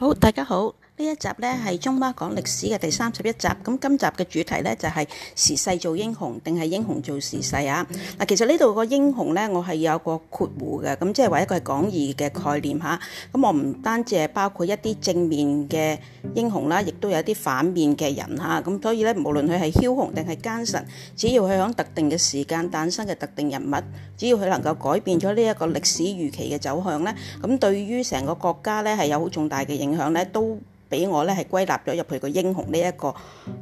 好，大家好。呢一集咧係中巴講歷史嘅第三十一集，咁今集嘅主題咧就係、是、時勢做英雄，定係英雄做時勢啊？嗱，其實呢度個英雄咧，我係有個括弧嘅，咁即係話一個係廣義嘅概念吓。咁我唔單止係包括一啲正面嘅英雄啦，亦都有一啲反面嘅人吓。咁所以咧，無論佢係梟雄定係奸臣，只要佢響特定嘅時間誕生嘅特定人物，只要佢能夠改變咗呢一個歷史預期嘅走向咧，咁對於成個國家咧係有好重大嘅影響咧，都。俾我咧係歸納咗入去個英雄呢一個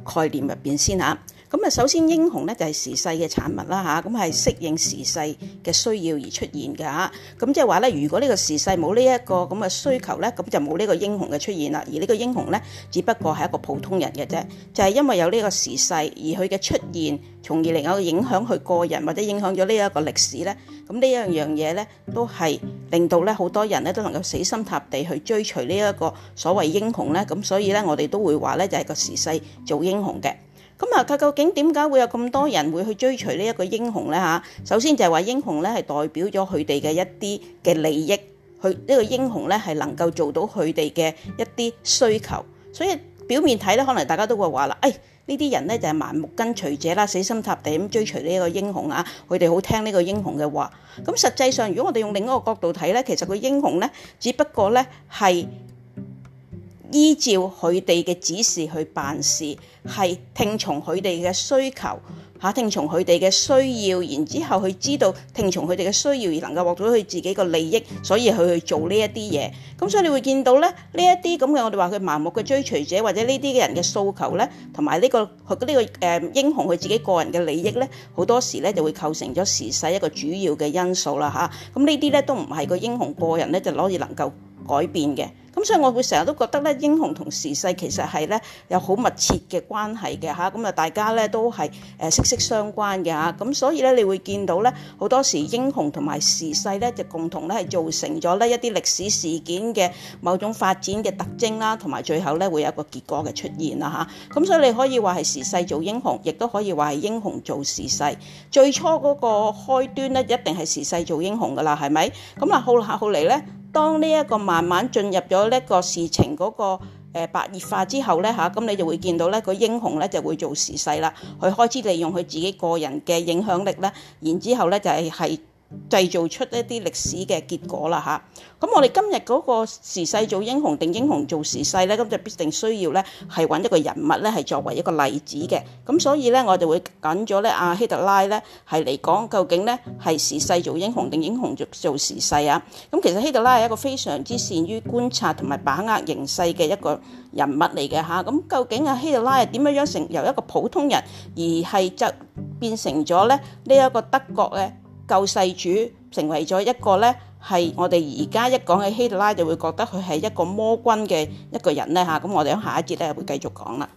概念入邊先嚇。咁啊，首先英雄咧就係時勢嘅產物啦嚇，咁係適應時勢嘅需要而出現嘅嚇。咁即係話咧，如果呢個時勢冇呢一個咁嘅需求咧，咁就冇呢個英雄嘅出現啦。而呢個英雄咧，只不過係一個普通人嘅啫，就係因為有呢個時勢，而佢嘅出現，從而嚟有影響佢個人或者影響咗呢一個歷史咧。咁呢一樣嘢咧，都係令到咧好多人咧都能夠死心塌地去追隨呢一個所謂英雄咧。咁所以咧，我哋都會話咧，就係個時勢做英雄嘅。咁啊，究竟點解會有咁多人會去追隨呢一個英雄咧？嚇，首先就係話英雄咧係代表咗佢哋嘅一啲嘅利益，佢、這、呢個英雄咧係能夠做到佢哋嘅一啲需求。所以表面睇咧，可能大家都會話啦，誒呢啲人咧就係盲目跟隨者啦，死心塌地咁追隨呢個英雄啊，佢哋好聽呢個英雄嘅話。咁實際上，如果我哋用另一個角度睇咧，其實個英雄咧，只不過咧係。依照佢哋嘅指示去辦事，係聽從佢哋嘅需求嚇、啊，聽從佢哋嘅需要，然之後佢知道聽從佢哋嘅需要而能夠獲得佢自己嘅利益，所以佢去做呢一啲嘢。咁所以你會見到咧，呢一啲咁嘅我哋話佢盲目嘅追隨者，或者這些呢啲嘅人嘅訴求咧，同埋呢個呢、這個誒、呃、英雄佢自己個人嘅利益咧，好多時咧就會構成咗時勢一個主要嘅因素啦嚇。咁、啊、呢啲咧都唔係個英雄個人咧就可以能夠改變嘅。咁所以我會成日都覺得咧，英雄同時勢其實係咧有好密切嘅關係嘅吓，咁啊大家咧都係誒息息相關嘅吓，咁所以咧你會見到咧好多時英雄同埋時勢咧就共同咧係造成咗呢一啲歷史事件嘅某種發展嘅特徵啦，同埋最後咧會有一個結果嘅出現啦吓，咁所以你可以話係時勢做英雄，亦都可以話係英雄做時勢。最初嗰個開端咧一定係時勢做英雄噶啦，係咪？咁啊，後後嚟咧。當呢一個慢慢進入咗呢個事情嗰個誒白熱化之後咧嚇，咁你就會見到咧個英雄咧就會做時勢啦，佢開始利用佢自己個人嘅影響力咧，然之後咧就係係。製造出一啲歷史嘅結果啦吓，咁我哋今日嗰個時勢做英雄定英雄做時勢咧，咁就必定需要咧係搵一個人物咧係作為一個例子嘅。咁所以咧我哋會揀咗咧阿希特拉咧係嚟講究竟咧係時勢做英雄定英雄做做時勢啊。咁其實希特拉係一個非常之善於觀察同埋把握形勢嘅一個人物嚟嘅吓，咁究竟阿希特拉係點樣樣成由一個普通人而係就變成咗咧呢一個德國咧救世主成為咗一個咧，係我哋而家一講起希特拉就會覺得佢係一個魔君嘅一個人咧嚇，咁、啊、我哋喺下一節咧會繼續講啦。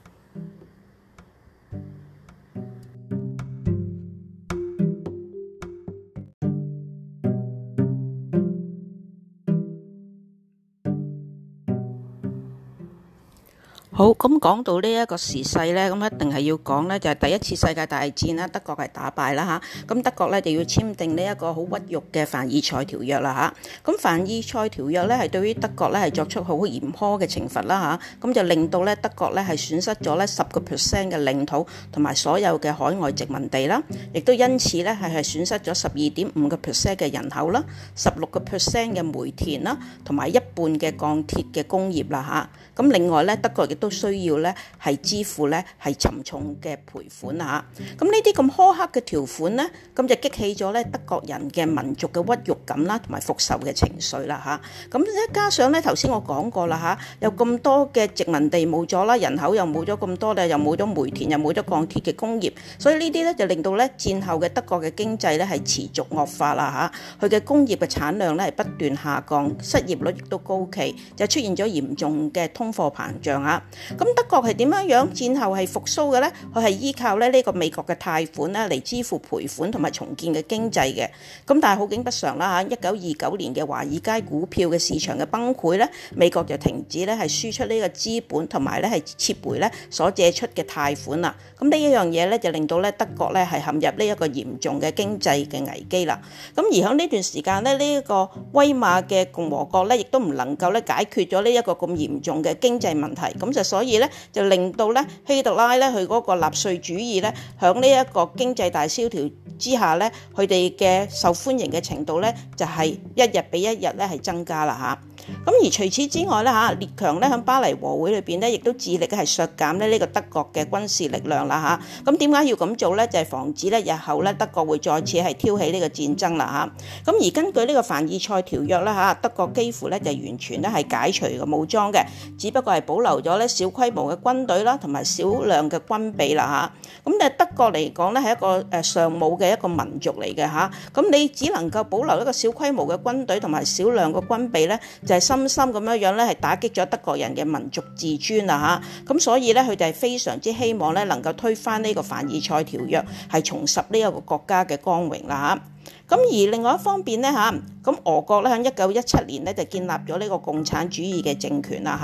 好，咁講到呢一個時勢咧，咁一定係要講咧，就係第一次世界大戰啦，德國係打敗啦吓，咁德國咧就要簽訂呢一個好屈辱嘅凡爾賽條約啦吓，咁凡爾賽條約咧係對於德國咧係作出好嚴苛嘅懲罰啦吓，咁就令到咧德國咧係損失咗咧十個 percent 嘅領土同埋所有嘅海外殖民地啦，亦都因此咧係係損失咗十二點五個 percent 嘅人口啦，十六個 percent 嘅煤田啦，同埋一半嘅鋼鐵嘅工業啦吓，咁另外咧德國嘅都需要咧係支付咧係沉重嘅賠款啊！咁呢啲咁苛刻嘅條款咧，咁就激起咗咧德國人嘅民族嘅屈辱感啦，同埋復仇嘅情緒啦嚇。咁、啊、再、啊、加上咧，頭先我講過啦嚇、啊，有咁多嘅殖民地冇咗啦，人口又冇咗咁多咧，又冇咗煤田，又冇咗鋼鐵嘅工業，所以呢啲咧就令到咧戰後嘅德國嘅經濟咧係持續惡化啦嚇。佢、啊、嘅工業嘅產量咧係不斷下降，失業率亦都高企，就出現咗嚴重嘅通貨膨脹啊！咁德國係點樣樣戰後係復甦嘅咧？佢係依靠咧呢個美國嘅貸款咧嚟支付賠款同埋重建嘅經濟嘅。咁但係好景不常啦嚇，一九二九年嘅華爾街股票嘅市場嘅崩潰咧，美國就停止咧係輸出呢個資本同埋咧係撤回咧所借出嘅貸款啦。咁呢一樣嘢咧就令到咧德國咧係陷入呢一個嚴重嘅經濟嘅危機啦。咁而喺呢段時間咧，呢一個威瑪嘅共和國咧亦都唔能夠咧解決咗呢一個咁嚴重嘅經濟問題，咁就。所以咧，就令到咧希特拉咧，佢嗰個納粹主義咧，喺呢一個經濟大蕭條之下咧，佢哋嘅受歡迎嘅程度咧，就係一日比一日咧係增加啦吓。咁而除此之外咧嚇，列強咧喺巴黎和會裏面咧，亦都致力係削減呢個德國嘅軍事力量啦嚇。咁點解要咁做咧？就係、是、防止咧日後咧德國會再次係挑起呢個戰爭啦嚇。咁而根據呢個凡爾賽條約啦嚇，德國幾乎咧就完全咧係解除嘅武裝嘅，只不過係保留咗咧小規模嘅軍隊啦，同埋少量嘅軍備啦嚇。咁誒德國嚟講咧係一個誒尚武嘅一個民族嚟嘅嚇。咁你只能夠保留一個小規模嘅軍隊同埋少量嘅軍備咧。深深咁樣樣咧，係打擊咗德國人嘅民族自尊啦嚇。咁所以咧，佢哋係非常之希望咧，能夠推翻呢個凡爾賽條約，係重拾呢一個國家嘅光榮啦嚇。咁而另外一方面咧嚇，咁俄國咧喺一九一七年咧就建立咗呢個共產主義嘅政權啦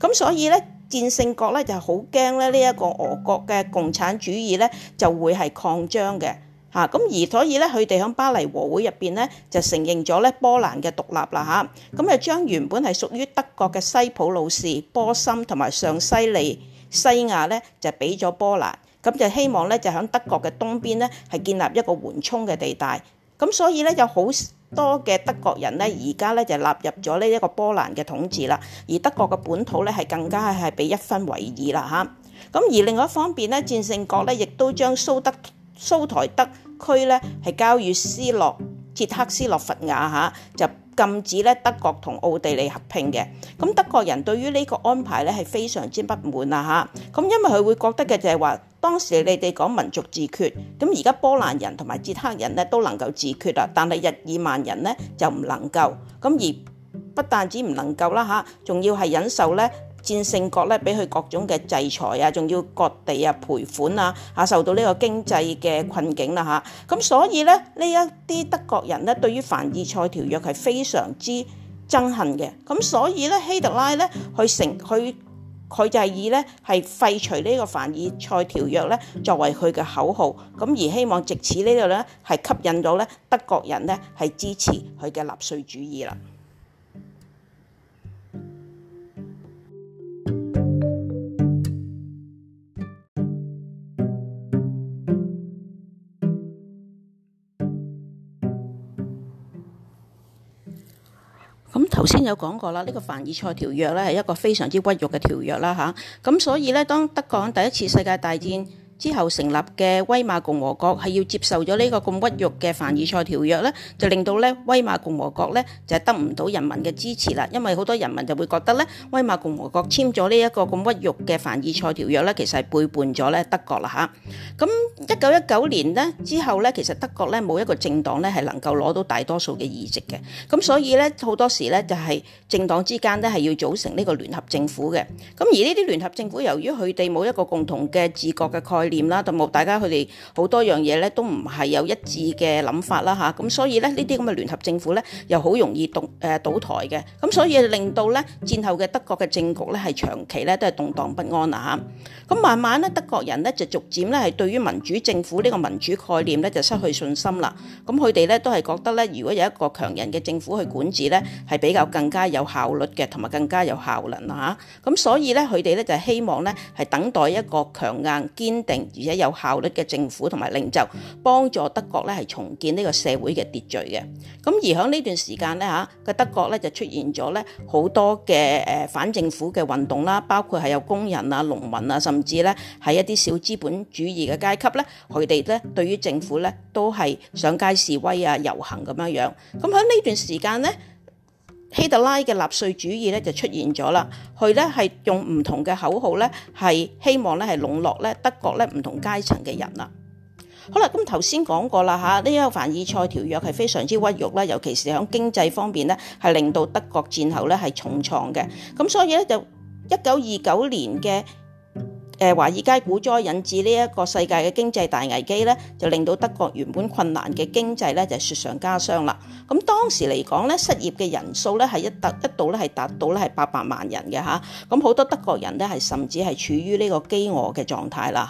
嚇。咁所以咧，戰勝國咧就係好驚咧呢一個俄國嘅共產主義咧就會係擴張嘅。嚇，咁而所以咧，佢哋喺巴黎和會入邊咧，就承認咗咧波蘭嘅獨立啦嚇。咁啊，將原本係屬於德國嘅西普魯士、波森同埋上西利西亞咧，就俾咗波蘭。咁就希望咧，就喺德國嘅東邊咧，係建立一個緩衝嘅地帶。咁所以咧，有好多嘅德國人咧，而家咧就納入咗呢一個波蘭嘅統治啦。而德國嘅本土咧，係更加係俾一分為二啦嚇。咁而另外一方面咧，戰勝國咧，亦都將蘇德蘇台德區咧，係交予斯洛捷克斯洛伐亞嚇，就禁止咧，德國同奧地利合併嘅。咁德國人對於呢個安排咧，係非常之不滿啦嚇。咁因為佢會覺得嘅就係話，當時你哋講民族自決，咁而家波蘭人同埋捷克人咧都能夠自決啦，但係日耳曼人咧就唔能夠。咁而不但止唔能夠啦嚇，仲要係忍受咧。戰勝國咧，俾佢各種嘅制裁啊，仲要各地啊賠款啊，嚇受到呢個經濟嘅困境啦吓，咁所以咧，呢一啲德國人咧，對於凡爾賽條約係非常之憎恨嘅。咁所以咧，希特拉咧去成佢佢就係以咧係廢除呢個凡爾賽條約咧，作為佢嘅口號，咁而希望藉此呢度咧係吸引到咧德國人咧係支持佢嘅納粹主義啦。頭先有講過啦，呢、這個凡爾賽條約咧係一個非常之屈辱嘅條約啦吓，咁、啊、所以咧，當德國第一次世界大戰，之後成立嘅威瑪共和國係要接受咗呢個咁屈辱嘅凡爾賽條約咧，就令到咧威瑪共和國咧就係得唔到人民嘅支持啦，因為好多人民就會覺得咧威瑪共和國簽咗呢一個咁屈辱嘅凡爾賽條約咧，其實係背叛咗咧德國啦吓，咁一九一九年呢之後咧，其實德國咧冇一個政黨咧係能夠攞到大多數嘅議席嘅，咁所以咧好多時咧就係政黨之間咧係要組成呢個聯合政府嘅。咁而呢啲聯合政府由於佢哋冇一個共同嘅治國嘅概念。念啦，同埋大家佢哋好多樣嘢咧，都唔係有一致嘅諗法啦吓，咁所以咧，呢啲咁嘅聯合政府咧，又好容易倒、誒倒台嘅。咁所以令到咧戰後嘅德國嘅政局咧，係長期咧都係動盪不安啊吓，咁慢慢咧，德國人咧就逐漸咧係對於民主政府呢個民主概念咧就失去信心啦。咁佢哋咧都係覺得咧，如果有一個強人嘅政府去管治咧，係比較更加有效率嘅，同埋更加有效能啊嚇。咁所以咧，佢哋咧就希望咧係等待一個強硬堅定，而且有效率嘅政府同埋領袖，幫助德國咧係重建呢個社會嘅秩序嘅。咁而響呢段時間咧吓，個德國咧就出現咗咧好多嘅誒反政府嘅運動啦，包括係有工人啊、農民啊，甚至咧係一啲小資本主義嘅階級咧，佢哋咧對於政府咧都係上街示威啊、遊行咁樣樣。咁響呢段時間咧。希特拉嘅納粹主義咧就出現咗啦，佢咧係用唔同嘅口號咧係希望咧係籠絡咧德國咧唔同階層嘅人啦。好啦，咁頭先講過啦嚇，呢一個凡爾賽條約係非常之屈辱啦，尤其是喺經濟方面咧係令到德國戰後咧係重創嘅。咁所以咧就一九二九年嘅。誒華爾街股災引致呢一個世界嘅經濟大危機咧，就令到德國原本困難嘅經濟咧就雪上加霜啦。咁當時嚟講咧，失業嘅人數咧係一達一度咧係達到咧係八百萬人嘅嚇。咁好多德國人咧係甚至係處於呢個飢餓嘅狀態啦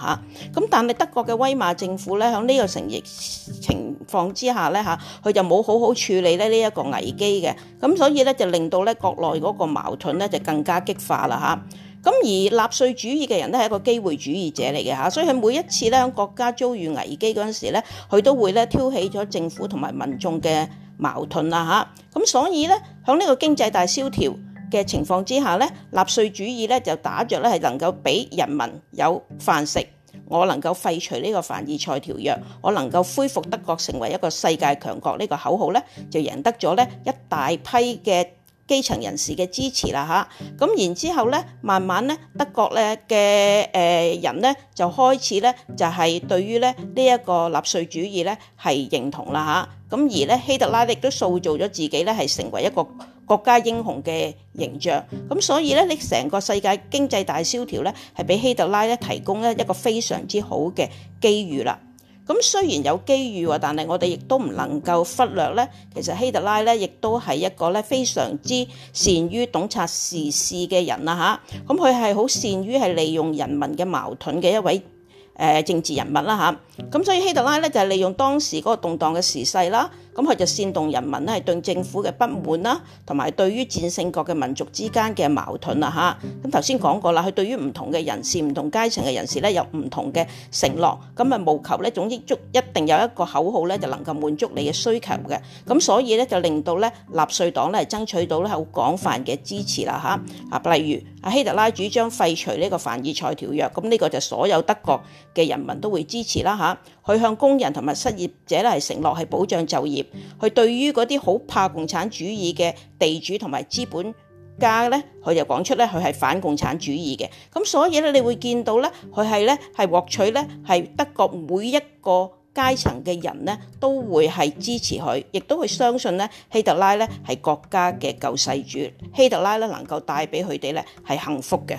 嚇。咁但係德國嘅威馬政府咧喺呢個成逆情況之下咧嚇，佢就冇好好處理咧呢一個危機嘅。咁所以咧就令到咧國內嗰個矛盾咧就更加激化啦嚇。咁而納粹主義嘅人都係一個機會主義者嚟嘅嚇，所以佢每一次咧喺國家遭遇危機嗰陣時咧，佢都會咧挑起咗政府同埋民眾嘅矛盾啦嚇。咁所以咧，響呢個經濟大蕭條嘅情況之下咧，納粹主義咧就打着咧係能夠俾人民有飯食，我能夠廢除呢個凡爾賽條約，我能夠恢復德國成為一個世界強國呢個口號咧，就贏得咗咧一大批嘅基層人士嘅支持啦吓，咁然之後咧，慢慢咧德國咧嘅誒人咧就開始咧就係對於咧呢一個納粹主義咧係認同啦吓，咁而咧希特拉亦都塑造咗自己咧係成為一個國家英雄嘅形象，咁所以咧呢成個世界經濟大蕭條咧係俾希特拉咧提供咧一個非常之好嘅機遇啦。咁雖然有機遇喎，但係我哋亦都唔能夠忽略咧。其實希特拉咧，亦都係一個咧非常之善於洞察時事嘅人啦吓，咁佢係好善於係利用人民嘅矛盾嘅一位誒、呃、政治人物啦吓，咁、啊、所以希特拉咧就係、是、利用當時嗰個動盪嘅時勢啦。啊咁佢就煽動人民咧，係對政府嘅不滿啦，同埋對於戰勝國嘅民族之間嘅矛盾啦吓，咁頭先講過啦，佢對於唔同嘅人士、唔同階層嘅人士咧，有唔同嘅承諾。咁啊，務求咧，總之足一定有一個口號咧，就能夠滿足你嘅需求嘅。咁所以咧，就令到咧納粹黨咧係爭取到咧好廣泛嘅支持啦吓，啊，例如阿希特拉主張廢除呢個凡爾賽條約，咁、這、呢個就所有德國嘅人民都會支持啦吓。佢向工人同埋失業者咧係承諾係保障就業。佢對於嗰啲好怕共產主義嘅地主同埋資本家咧，佢就講出咧佢係反共產主義嘅。咁所以咧，你會見到咧，佢係咧係獲取咧，係德國每一個階層嘅人咧都會係支持佢，亦都會相信咧希特拉咧係國家嘅救世主，希特拉咧能夠帶俾佢哋咧係幸福嘅。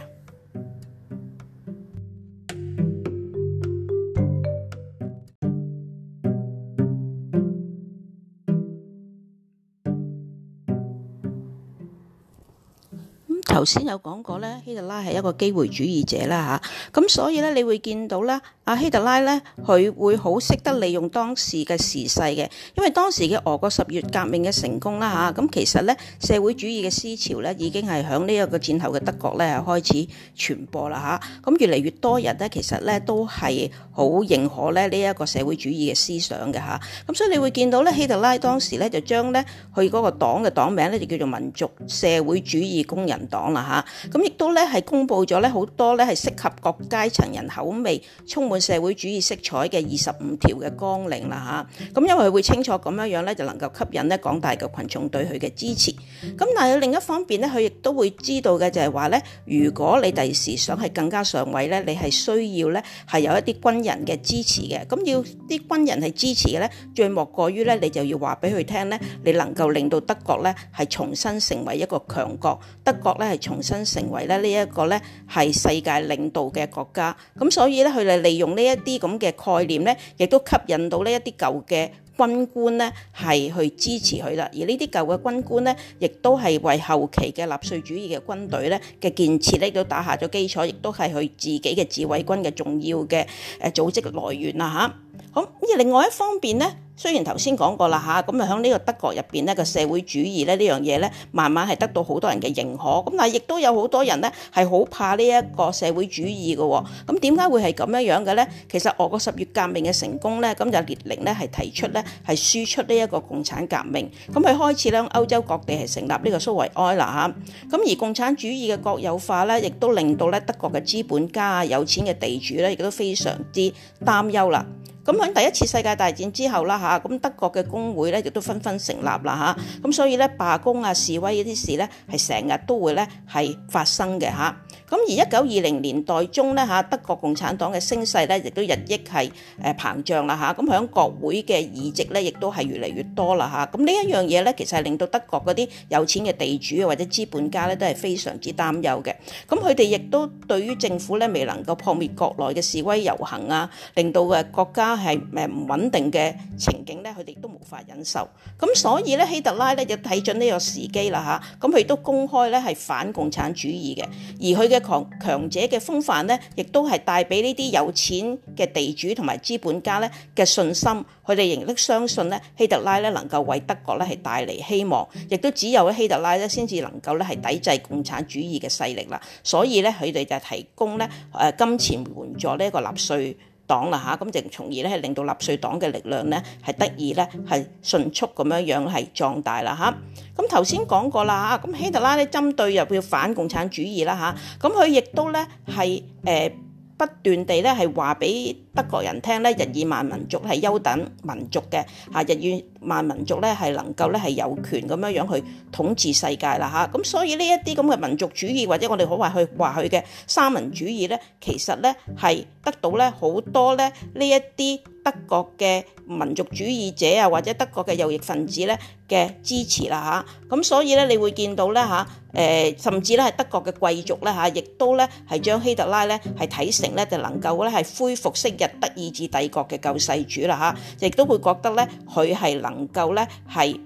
頭先有講過咧，希特拉係一個機會主義者啦吓，咁所以咧，你會見到咧，阿希特拉咧，佢會好識得利用當時嘅時勢嘅，因為當時嘅俄國十月革命嘅成功啦吓，咁其實咧，社會主義嘅思潮咧已經係響呢一個戰後嘅德國咧開始傳播啦吓，咁越嚟越多人咧，其實咧都係好認可咧呢一個社會主義嘅思想嘅吓，咁所以你會見到咧，希特拉當時咧就將咧佢嗰個黨嘅黨名咧就叫做民族社會主義工人黨。啦嚇，咁亦都咧係公布咗咧好多咧係適合各階層人口味、充滿社會主義色彩嘅二十五條嘅綱領啦嚇。咁因為佢會清楚咁樣樣咧，就能夠吸引咧廣大嘅群眾對佢嘅支持。咁但係另一方面咧，佢亦都會知道嘅就係話咧，如果你第時想係更加上位咧，你係需要咧係有一啲軍人嘅支持嘅。咁要啲軍人係支持嘅咧，最莫過於咧，你就要話俾佢聽咧，你能夠令到德國咧係重新成為一個強國，德國咧。係重新成為咧呢一個咧係世界領導嘅國家，咁所以咧佢哋利用呢一啲咁嘅概念咧，亦都吸引到呢一啲舊嘅軍官咧係去支持佢啦，而呢啲舊嘅軍官咧，亦都係為後期嘅納粹主義嘅軍隊咧嘅建設咧都打下咗基礎，亦都係佢自己嘅自衛軍嘅重要嘅誒組織來源啦吓。咁而另外一方面咧，雖然頭先講過啦吓，咁啊喺呢個德國入邊咧個社會主義咧呢樣嘢咧，慢慢係得到好多人嘅認可。咁但係亦都有好多人咧係好怕呢一個社會主義嘅。咁點解會係咁樣樣嘅咧？其實俄國十月革命嘅成功咧，咁就列寧咧係提出咧係輸出呢一個共產革命。咁佢開始咧歐洲各地係成立呢個蘇維埃啦吓。咁而共產主義嘅國有化咧，亦都令到咧德國嘅資本家啊、有錢嘅地主咧，亦都非常之擔憂啦。咁喺第一次世界大戰之後啦吓，咁德國嘅工會咧，亦都紛紛成立啦吓。咁所以咧，罷工啊、示威呢啲事咧，係成日都會咧係發生嘅吓。咁而一九二零年代中咧吓，德國共產黨嘅聲勢咧，亦都日益係誒膨脹啦吓，咁響國會嘅議席咧，亦都係越嚟越多啦吓，咁呢一樣嘢咧，其實係令到德國嗰啲有錢嘅地主啊或者資本家咧，都係非常之擔憂嘅。咁佢哋亦都對於政府咧，未能夠撲滅國內嘅示威遊行啊，令到誒國家係誒唔穩定嘅情景咧，佢哋都無法忍受。咁所以咧，希特拉咧就睇準呢個時機啦吓，咁佢亦都公開咧係反共產主義嘅，而佢嘅強者嘅風範咧，亦都係帶俾呢啲有錢嘅地主同埋資本家咧嘅信心，佢哋仍然相信咧希特拉咧能夠為德國咧係帶嚟希望，亦都只有希特拉咧先至能夠咧係抵制共產主義嘅勢力啦。所以咧，佢哋就提供咧誒金錢援助呢一個納粹。黨啦吓，咁就從而咧係令到納粹黨嘅力量咧係得以咧係迅速咁樣樣係壯大啦吓。咁頭先講過啦吓，咁希特拉咧針對入去反共產主義啦吓，咁佢亦都咧係誒不斷地咧係話俾。德國人聽咧，日耳曼民族係優等民族嘅。嚇，日耳曼民族咧係能夠咧係有權咁樣樣去統治世界啦嚇，咁所以呢一啲咁嘅民族主義或者我哋可話去話佢嘅三民主義咧，其實咧係得到咧好多咧呢一啲德國嘅民族主義者啊或者德國嘅右翼分子咧嘅支持啦嚇，咁所以咧你會見到咧吓，誒，甚至咧係德國嘅貴族咧嚇，亦都咧係將希特拉咧係睇成咧就能夠咧係恢復升日德意志帝國嘅救世主啦嚇，亦都會覺得咧，佢係能夠咧係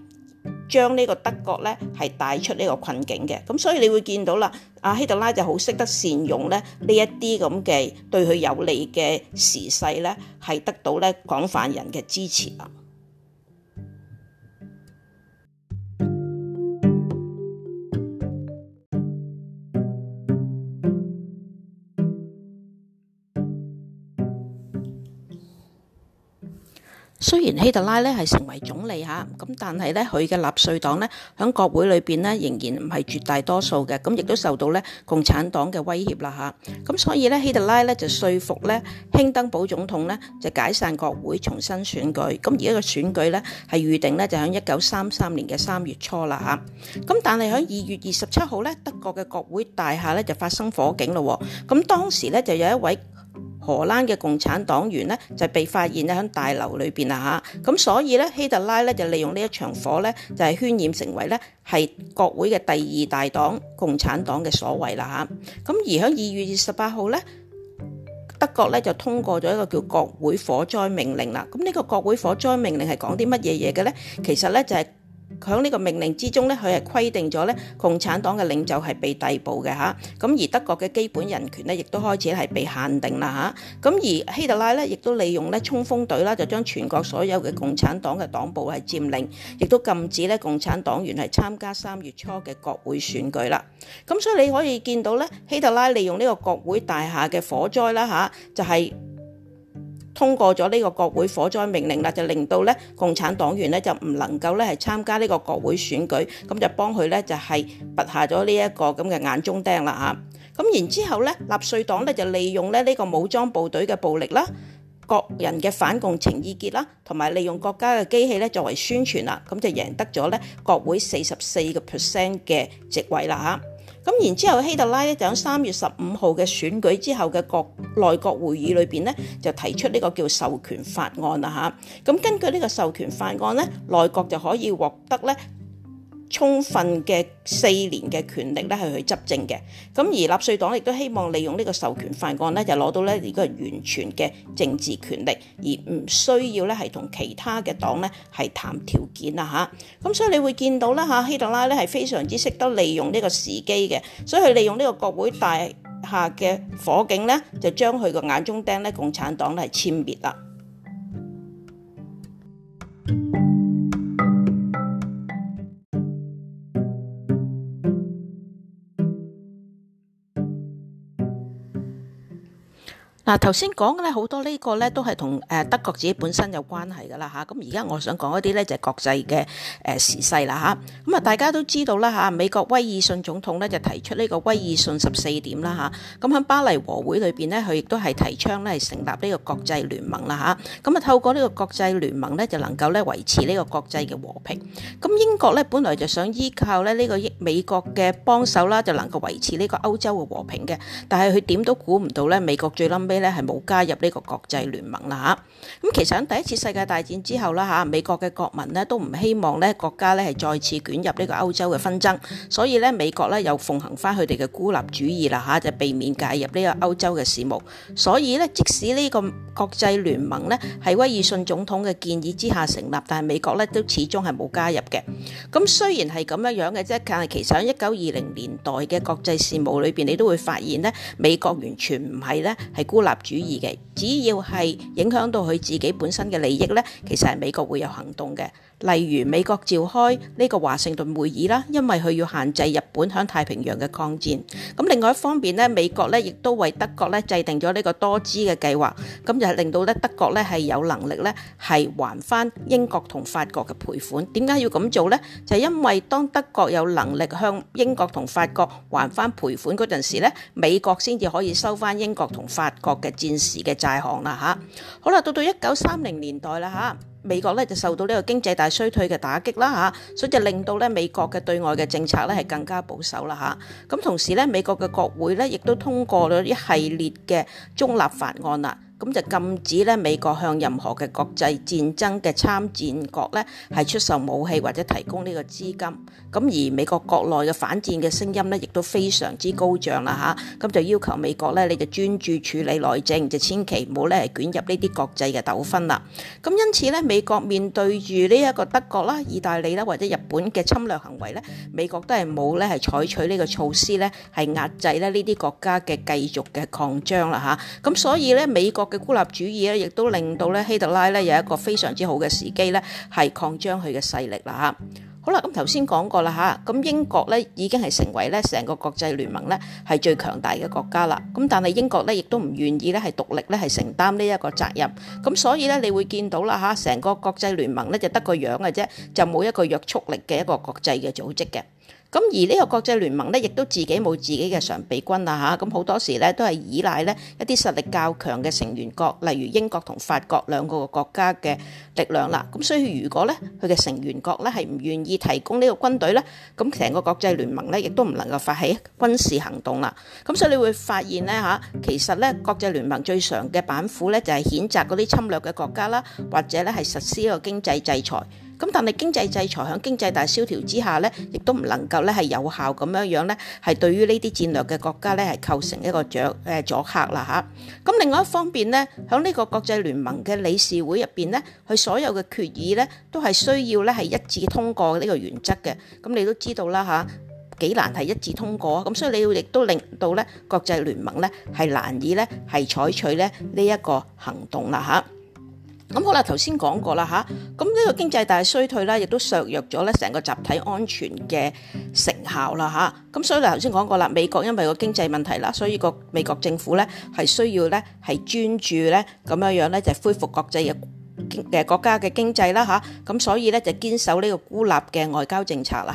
將呢個德國咧係帶出呢個困境嘅，咁所以你會見到啦，阿希特拉就好識得善用咧呢一啲咁嘅對佢有利嘅時勢咧，係得到咧廣泛人嘅支持啊！雖然希特拉咧係成為總理嚇，咁但係咧佢嘅納粹黨咧喺國會裏邊咧仍然唔係絕大多數嘅，咁亦都受到咧共產黨嘅威脅啦嚇。咁所以咧希特拉咧就説服咧興登堡總統咧就解散國會重新選舉，咁而家個選舉咧係預定咧就喺一九三三年嘅三月初啦嚇。咁但係喺二月二十七號咧德國嘅國會大廈咧就發生火警啦。咁當時咧就有一位，荷蘭嘅共產黨員咧就被發現咧喺大樓裏邊啦嚇，咁所以咧希特拉咧就利用呢一場火咧就係渲染成為咧係國會嘅第二大黨共產黨嘅所為啦嚇，咁而喺二月二十八號咧德國咧就通過咗一個叫國會火災命令啦，咁呢個國會火災命令係講啲乜嘢嘢嘅咧？其實咧就係、是。佢喺呢個命令之中咧，佢係規定咗咧共產黨嘅領袖係被逮捕嘅嚇，咁而德國嘅基本人權咧亦都開始係被限定啦嚇，咁而希特拉咧亦都利用咧衝鋒隊啦，就將全國所有嘅共產黨嘅黨部係佔領，亦都禁止咧共產黨員係參加三月初嘅國會選舉啦。咁所以你可以見到咧，希特拉利用呢個國會大廈嘅火災啦嚇，就係、是。通過咗呢個國會火災命令啦，就令到咧共產黨員咧就唔能夠咧係參加呢個國會選舉，咁就幫佢咧就係拔下咗呢一個咁嘅眼中釘啦嚇。咁然之後咧，納粹黨咧就利用咧呢個武裝部隊嘅暴力啦、各人嘅反共情意結啦，同埋利用國家嘅機器咧作為宣傳啦，咁就贏得咗咧國會四十四個 percent 嘅席位啦嚇。咁然之後，希特拉咧就喺三月十五號嘅選舉之後嘅國內閣會議裏邊咧，就提出呢個叫授權法案啦吓，咁根據呢個授權法案咧，內閣就可以獲得咧。充分嘅四年嘅權力咧，係去執政嘅。咁而納粹黨亦都希望利用呢個授權法案咧，就攞到咧呢個完全嘅政治權力，而唔需要咧係同其他嘅黨咧係談條件啦吓，咁所以你會見到啦吓希特拉咧係非常之識得利用呢個時機嘅，所以佢利用呢個國會大廈嘅火警咧，就將佢個眼中釘咧共產黨咧係殲滅啦。嗱，頭先講咧好多呢個咧都係同誒德國自己本身有關係噶啦嚇，咁而家我想講一啲咧就係國際嘅誒時勢啦嚇，咁啊大家都知道啦嚇，美國威爾遜總統咧就提出呢個威爾遜十四點啦嚇，咁喺巴黎和會裏邊咧，佢亦都係提倡咧係成立呢個國際聯盟啦嚇，咁啊透過呢個國際聯盟咧就能夠咧維持呢個國際嘅和平，咁英國咧本來就想依靠咧呢個美國嘅幫手啦，就能夠維持呢個歐洲嘅和平嘅，但係佢點都估唔到咧美國最咧係冇加入呢個國際聯盟啦吓，咁其實喺第一次世界大戰之後啦吓，美國嘅國民呢都唔希望咧國家咧係再次捲入呢個歐洲嘅紛爭，所以咧美國咧又奉行翻佢哋嘅孤立主義啦吓，就避免介入呢個歐洲嘅事務，所以咧即使呢個國際聯盟呢喺威爾遜總統嘅建議之下成立，但係美國咧都始終係冇加入嘅。咁雖然係咁樣樣嘅啫，但係其實喺一九二零年代嘅國際事務裏邊，你都會發現咧美國完全唔係咧係孤立。立主義嘅，只要係影響到佢自己本身嘅利益呢，其實係美國會有行動嘅。例如美國召開呢個華盛頓會議啦，因為佢要限制日本響太平洋嘅抗戰。咁另外一方面呢，美國呢亦都為德國呢制定咗呢個多支嘅計劃，咁就係令到咧德國呢係有能力呢係還翻英國同法國嘅賠款。點解要咁做呢？就係因為當德國有能力向英國同法國還翻賠款嗰陣時咧，美國先至可以收翻英國同法國嘅戰時嘅債項啦嚇。好啦，到到一九三零年代啦嚇。美國咧就受到呢個經濟大衰退嘅打擊啦嚇，所以就令到咧美國嘅對外嘅政策咧係更加保守啦嚇。咁同時咧，美國嘅國會咧亦都通過咗一系列嘅中立法案啦。咁就禁止咧美國向任何嘅國際戰爭嘅參戰國咧係出售武器或者提供呢個資金。咁而美國國內嘅反戰嘅聲音咧，亦都非常之高漲啦吓，咁就要求美國咧你就專注處理內政，就千祈唔好咧係捲入呢啲國際嘅糾紛啦。咁因此咧，美國面對住呢一個德國啦、意大利啦或者日本嘅侵略行為咧，美國都係冇咧係採取呢個措施咧係壓制咧呢啲國家嘅繼續嘅擴張啦吓，咁所以咧美國孤立主義咧，亦都令到咧希特拉咧有一個非常之好嘅時機咧，係擴張佢嘅勢力啦吓。好啦，咁頭先講過啦吓，咁英國咧已經係成為咧成個國際聯盟咧係最強大嘅國家啦。咁但係英國咧亦都唔願意咧係獨立咧係承擔呢一個責任。咁所以咧你會見到啦吓，成個國際聯盟咧就得個樣嘅啫，就冇一個約束力嘅一個國際嘅組織嘅。咁而呢個國際聯盟咧，亦都自己冇自己嘅常備軍啦嚇，咁好多時咧都係依賴咧一啲實力較強嘅成員國，例如英國同法國兩個嘅國家嘅力量啦。咁所以如果咧佢嘅成員國咧係唔願意提供呢個軍隊咧，咁成個國際聯盟咧亦都唔能夠發起軍事行動啦。咁所以你會發現咧嚇，其實咧國際聯盟最常嘅板斧咧就係譴責嗰啲侵略嘅國家啦，或者咧係實施一個經濟制裁。咁但係經濟制裁喺經濟大蕭條之下咧，亦都唔能夠咧係有效咁樣樣咧，係對於呢啲戰略嘅國家咧係構成一個阻誒阻嚇啦嚇。咁另外一方面咧，喺呢個國際聯盟嘅理事會入邊咧，佢所有嘅決議咧都係需要咧係一致通過呢個原則嘅。咁你都知道啦嚇，幾難係一致通過，咁所以你亦都令到咧國際聯盟咧係難以咧係採取咧呢一個行動啦嚇。咁好啦，頭先講過啦吓，咁、這、呢個經濟大衰退啦，亦都削弱咗咧成個集體安全嘅成效啦吓，咁所以咧頭先講過啦，美國因為個經濟問題啦，所以個美國政府咧係需要咧係專注咧咁樣樣咧就係恢復國際嘅經嘅國家嘅經濟啦吓，咁所以咧就堅守呢個孤立嘅外交政策啦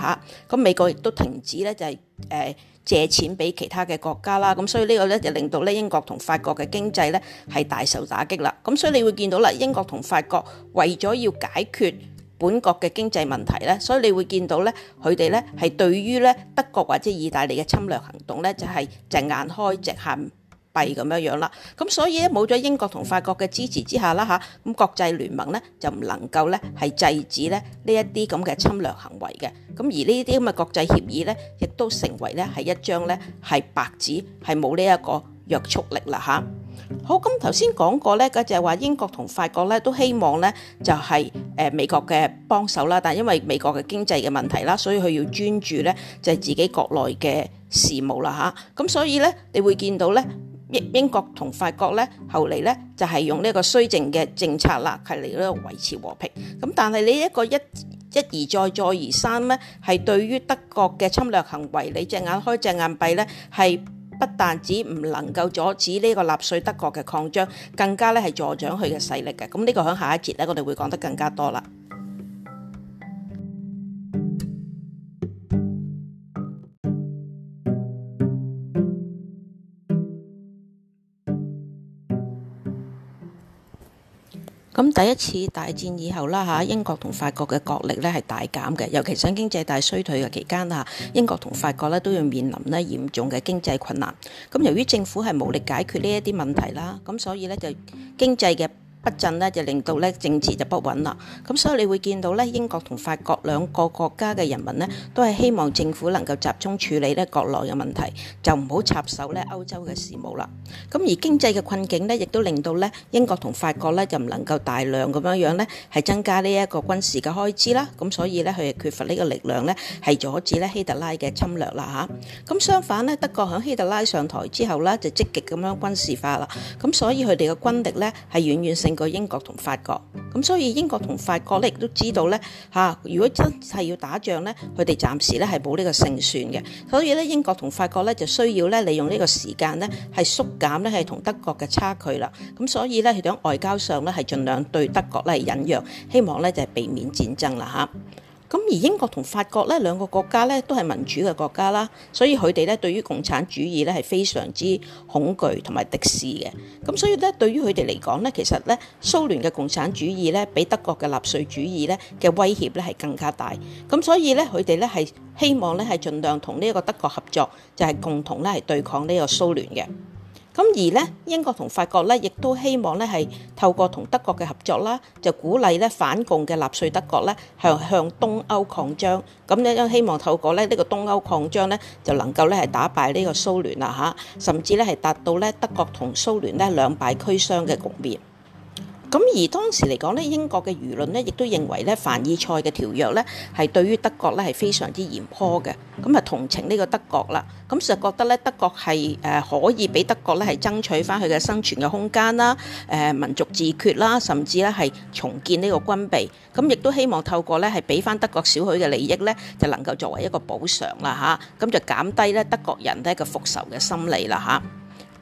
吓，咁美國亦都停止咧就係、是、誒。呃借錢俾其他嘅國家啦，咁所以這個呢個咧就令到咧英國同法國嘅經濟咧係大受打擊啦。咁所以你會見到啦，英國同法國為咗要解決本國嘅經濟問題咧，所以你會見到咧佢哋咧係對於咧德國或者意大利嘅侵略行動咧就係、是、隻眼開隻喊。弊咁樣樣啦，咁所以咧冇咗英國同法國嘅支持之下啦嚇，咁國際聯盟咧就唔能夠咧係制止咧呢一啲咁嘅侵略行為嘅。咁而呢啲咁嘅國際協議咧，亦都成為咧係一張咧係白紙，係冇呢一個約束力啦嚇。好，咁頭先講過咧，嗰就係話英國同法國咧都希望咧就係誒美國嘅幫手啦，但因為美國嘅經濟嘅問題啦，所以佢要專注咧就係自己國內嘅事務啦嚇。咁所以咧，你會見到咧。英英國同法國咧，後嚟咧就係、是、用呢個綏靖嘅政策啦，係嚟咧維持和平。咁但係你一個一一而再再而三咧，係對於德國嘅侵略行為，你隻眼開隻眼閉咧，係不但止唔能夠阻止呢個納粹德國嘅擴張，更加咧係助長佢嘅勢力嘅。咁呢個喺下一節咧，我哋會講得更加多啦。咁第一次大戰以後啦嚇，英國同法國嘅國力咧係大減嘅，尤其喺經濟大衰退嘅期間啊，英國同法國咧都要面臨咧嚴重嘅經濟困難。咁由於政府係無力解決呢一啲問題啦，咁所以咧就經濟嘅不振呢，就令到咧政治就不穩啦。咁所以你會見到咧，英國同法國兩個國家嘅人民呢，都係希望政府能夠集中處理咧國內嘅問題，就唔好插手咧歐洲嘅事務啦。咁而經濟嘅困境呢，亦都令到咧英國同法國咧就唔能夠大量咁樣樣咧係增加呢一個軍事嘅開支啦。咁所以咧佢哋缺乏呢個力量咧係阻止咧希特拉嘅侵略啦吓。咁相反呢，德國響希特拉上台之後咧就積極咁樣軍事化啦。咁所以佢哋嘅軍力咧係遠遠成。過英國同法國，咁所以英國同法國咧亦都知道咧嚇，如果真係要打仗咧，佢哋暫時咧係冇呢個勝算嘅，所以咧英國同法國咧就需要咧利用呢個時間咧係縮減咧係同德國嘅差距啦，咁所以咧佢哋喺外交上咧係盡量對德國咧係忍讓，希望咧就係避免戰爭啦嚇。咁而英國同法國咧兩個國家咧都係民主嘅國家啦，所以佢哋咧對於共產主義咧係非常之恐懼同埋敵視嘅。咁所以咧對於佢哋嚟講咧，其實咧蘇聯嘅共產主義咧比德國嘅納粹主義咧嘅威脅咧係更加大。咁所以咧佢哋咧係希望咧係盡量同呢個德國合作，就係、是、共同咧係對抗呢個蘇聯嘅。而英國同法國咧，亦都希望咧係透過同德國嘅合作啦，就鼓勵咧反共嘅納粹德國咧向向東歐擴張。咁樣希望透過咧呢個東歐擴張咧，就能夠咧係打敗呢個蘇聯啊嚇，甚至咧係達到咧德國同蘇聯咧兩敗俱傷嘅局面。咁而當時嚟講咧，英國嘅輿論咧，亦都認為咧凡爾賽嘅條約咧，係對於德國咧係非常之嚴苛嘅。咁啊同情呢個德國啦。咁實覺得咧德國係誒可以俾德國咧係爭取翻佢嘅生存嘅空間啦，誒民族自決啦，甚至咧係重建呢個軍備。咁亦都希望透過咧係俾翻德國少許嘅利益咧，就能夠作為一個補償啦嚇。咁就減低咧德國人咧個復仇嘅心理啦嚇。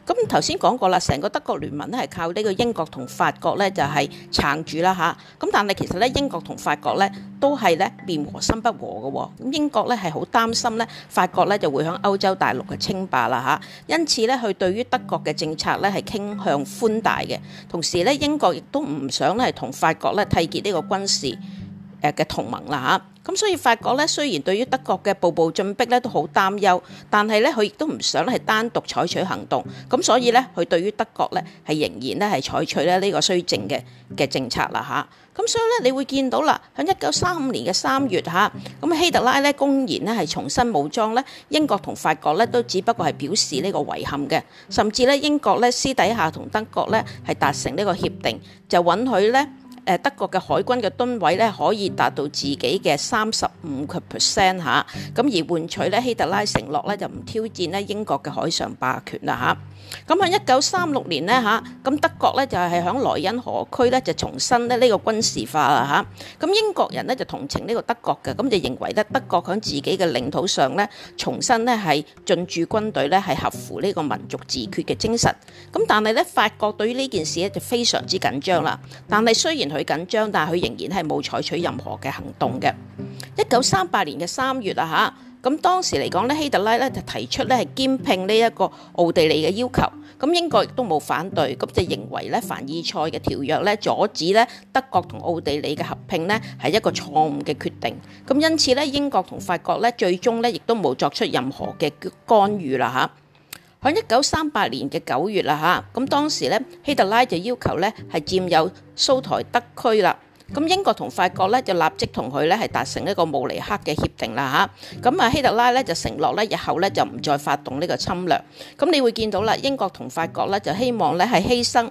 咁頭先講過啦，成個德國聯盟咧係靠呢個英國同法國咧就係撐住啦嚇。咁但係其實咧英國同法國咧都係咧面和心不和嘅喎。咁英國咧係好擔心咧法國咧就會響歐洲大陸嘅稱霸啦嚇。因此咧佢對於德國嘅政策咧係傾向寬大嘅。同時咧英國亦都唔想咧係同法國咧締結呢個軍事，誒嘅同盟啦嚇，咁所以法國咧雖然對於德國嘅步步進逼咧都好擔憂，但係咧佢亦都唔想係單獨採取行動，咁所以咧佢對於德國咧係仍然咧係採取咧呢個綏靖嘅嘅政策啦嚇，咁所以咧你會見到啦，響一九三五年嘅三月嚇，咁希特拉咧公然咧係重新武裝咧，英國同法國咧都只不過係表示呢個遺憾嘅，甚至咧英國咧私底下同德國咧係達成呢個協定，就允許咧。德國嘅海軍嘅噸位咧可以達到自己嘅三十五個 percent 嚇，咁、啊、而換取咧希特拉承諾咧就唔挑戰咧英國嘅海上霸權啦嚇。啊。咁喺一九三六年呢，吓，咁德國咧就係喺萊茵河區咧就重新咧呢個軍事化啦吓，咁英國人咧就同情呢個德國嘅，咁就認為咧德國喺自己嘅領土上咧重新咧係進駐軍隊咧係合乎呢個民族自決嘅精神。咁但係咧法國對於呢件事咧就非常之緊張啦。但係雖然佢緊張，但係佢仍然係冇採取任何嘅行動嘅。一九三八年嘅三月啦吓。咁當時嚟講咧，希特拉咧就提出咧係兼併呢一個奧地利嘅要求，咁英國亦都冇反對，咁就認為咧凡爾賽嘅條約咧阻止咧德國同奧地利嘅合併咧係一個錯誤嘅決定，咁因此咧英國同法國咧最終咧亦都冇作出任何嘅干預啦嚇。喺一九三八年嘅九月啦嚇，咁當時咧希特拉就要求咧係佔有蘇台德區啦。咁英國同法國咧就立即同佢咧係達成一個慕尼黑嘅協定啦吓，咁啊希特拉咧就承諾咧日後咧就唔再發動呢個侵略，咁你會見到啦，英國同法國咧就希望咧係犧牲。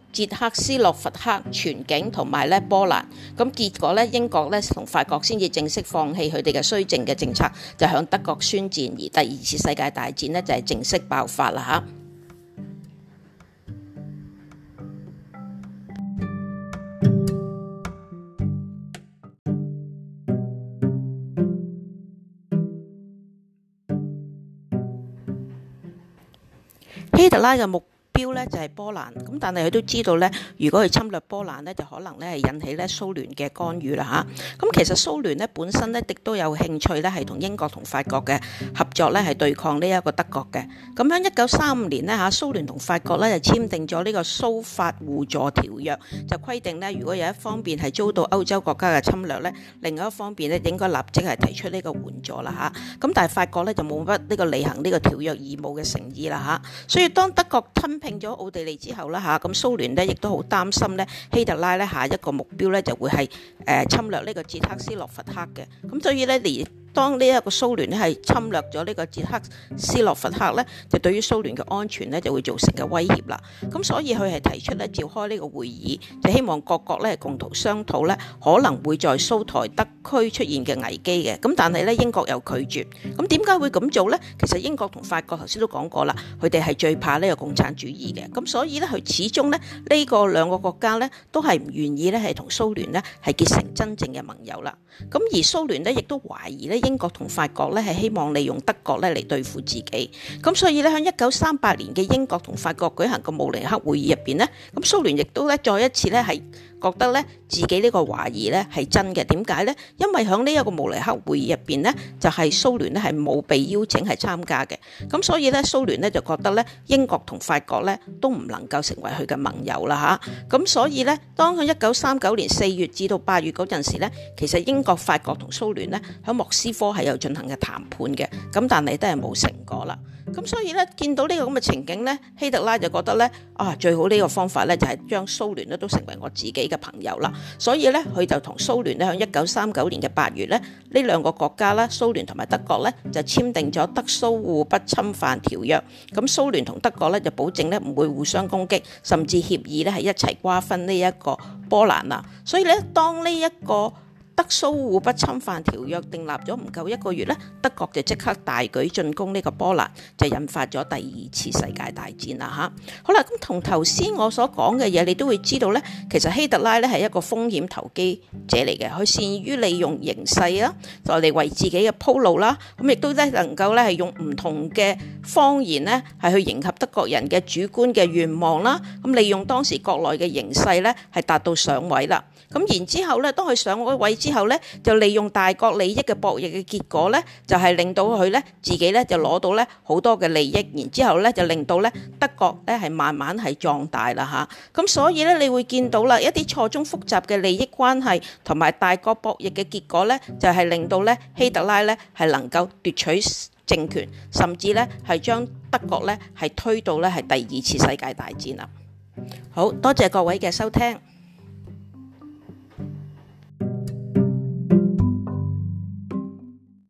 捷克斯洛伐克全境同埋咧波蘭，咁結果咧英國咧同法國先至正式放棄佢哋嘅綏靖嘅政策，就向德國宣戰，而第二次世界大戰呢，就係正式爆發啦吓。希特拉嘅目標咧就係波蘭，咁但係佢都知道咧，如果佢侵略波蘭咧，就可能咧係引起咧蘇聯嘅干預啦吓，咁其實蘇聯咧本身咧亦都有興趣咧係同英國同法國嘅合作咧係對抗呢一個德國嘅。咁喺一九三五年呢，吓，蘇聯同法國咧就簽訂咗呢個蘇法互助條約，就規定呢，如果有一方面係遭到歐洲國家嘅侵略咧，另外一方面咧應該立即係提出呢個援助啦吓，咁但係法國咧就冇乜呢個履行呢個條約義務嘅誠意啦吓，所以當德國侵拼咗奧地利之後啦吓，咁蘇聯呢亦都好擔心呢，希特拉呢下一個目標呢就會係誒侵略呢個捷克斯洛伐克嘅。咁所以呢連。當呢一個蘇聯呢係侵略咗呢個捷克斯洛伐克呢，就對於蘇聯嘅安全呢就會造成嘅威脅啦。咁所以佢係提出呢，召開呢個會議，就希望各國呢共同商討呢可能會在蘇台德區出現嘅危機嘅。咁但係呢，英國又拒絕。咁點解會咁做呢？其實英國同法國頭先都講過啦，佢哋係最怕呢個共產主義嘅。咁所以他呢，佢始終呢，呢個兩個國家呢都係唔願意是蘇聯呢係同蘇聯呢係結成真正嘅盟友啦。咁而蘇聯呢亦都懷疑呢。英國同法國咧係希望利用德國咧嚟對付自己，咁所以咧喺一九三八年嘅英國同法國舉行嘅慕尼黑會議入邊咧，咁蘇聯亦都咧再一次咧係。覺得咧自己呢個懷疑咧係真嘅，點解呢？因為喺呢一個慕尼黑會議入邊呢就係蘇聯咧係冇被邀請係參加嘅，咁所以咧蘇聯呢就覺得咧英國同法國咧都唔能夠成為佢嘅盟友啦嚇，咁所以咧當佢一九三九年四月至到八月嗰陣時咧，其實英國、法國同蘇聯呢喺莫斯科係有進行嘅談判嘅，咁但係都係冇成果啦。咁所以咧見到呢個咁嘅情景呢，希特拉就覺得咧啊最好呢個方法咧就係將蘇聯咧都成為我自己。嘅朋友啦，所以咧佢就同蘇聯咧喺一九三九年嘅八月咧，呢兩個國家啦，蘇聯同埋德國咧就簽訂咗德蘇互不侵犯條約，咁蘇聯同德國咧就保證咧唔會互相攻擊，甚至協議咧係一齊瓜分呢一個波蘭啦，所以咧當呢一個德蘇互不侵犯條約訂立咗唔夠一個月咧，德國就即刻大舉進攻呢個波蘭，就引發咗第二次世界大戰啦吓，好啦，咁同頭先我所講嘅嘢，你都會知道咧，其實希特拉咧係一個風險投機者嚟嘅，佢善於利用形勢啦，就嚟為自己嘅鋪路啦，咁亦都咧能夠咧係用唔同嘅方言咧係去迎合德國人嘅主觀嘅願望啦，咁利用當時國內嘅形勢咧係達到上位啦。咁然之後咧，當佢上咗位之之後咧就利用大國利益嘅博弈嘅結果咧，就係令到佢咧自己咧就攞到咧好多嘅利益，然之後咧就令到咧德國咧係慢慢係壯大啦吓。咁所以咧你會見到啦一啲錯綜複雜嘅利益關係同埋大國博弈嘅結果咧，就係令到咧希特拉咧係能夠奪取政權，甚至咧係將德國咧係推到咧係第二次世界大戰啦。好多謝各位嘅收聽。